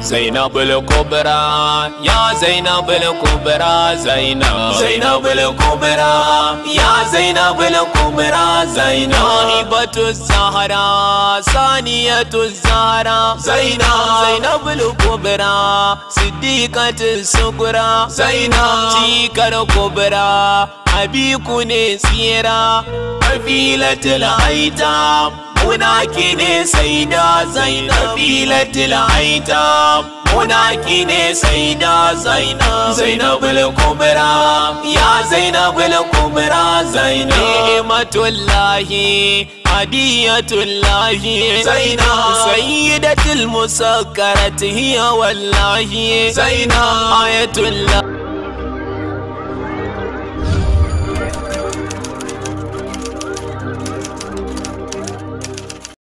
زينب الكبرى يا زينب الكبرى زينب زينب الكبرى يا زينب الكبرى زينب نائبة الزهرة ثانية الزهرة زينب زينب الكبرى صديقة الصغرى زينب تيكا الكبرى أبيكن نسيرة قبيلة الأيتام munaki ne sai da zainab filatil aita munaki ne sai da zainab zainab al-kubra ya zainab al-kubra zainab ni'matullahi hadiyatullahi zainab sayyidatul musakkarat hiya wallahi zainab ayatullah